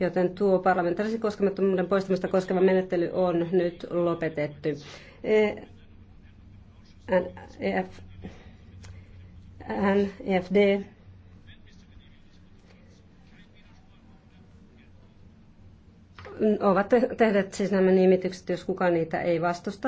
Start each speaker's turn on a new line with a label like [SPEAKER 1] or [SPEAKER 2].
[SPEAKER 1] joten tuo parlamentaarisen koskemattomuuden poistamista koskeva menettely on nyt lopetettu. EF, e NFD e ovat tehneet siis nämä nimitykset, jos kukaan niitä ei
[SPEAKER 2] vastusta.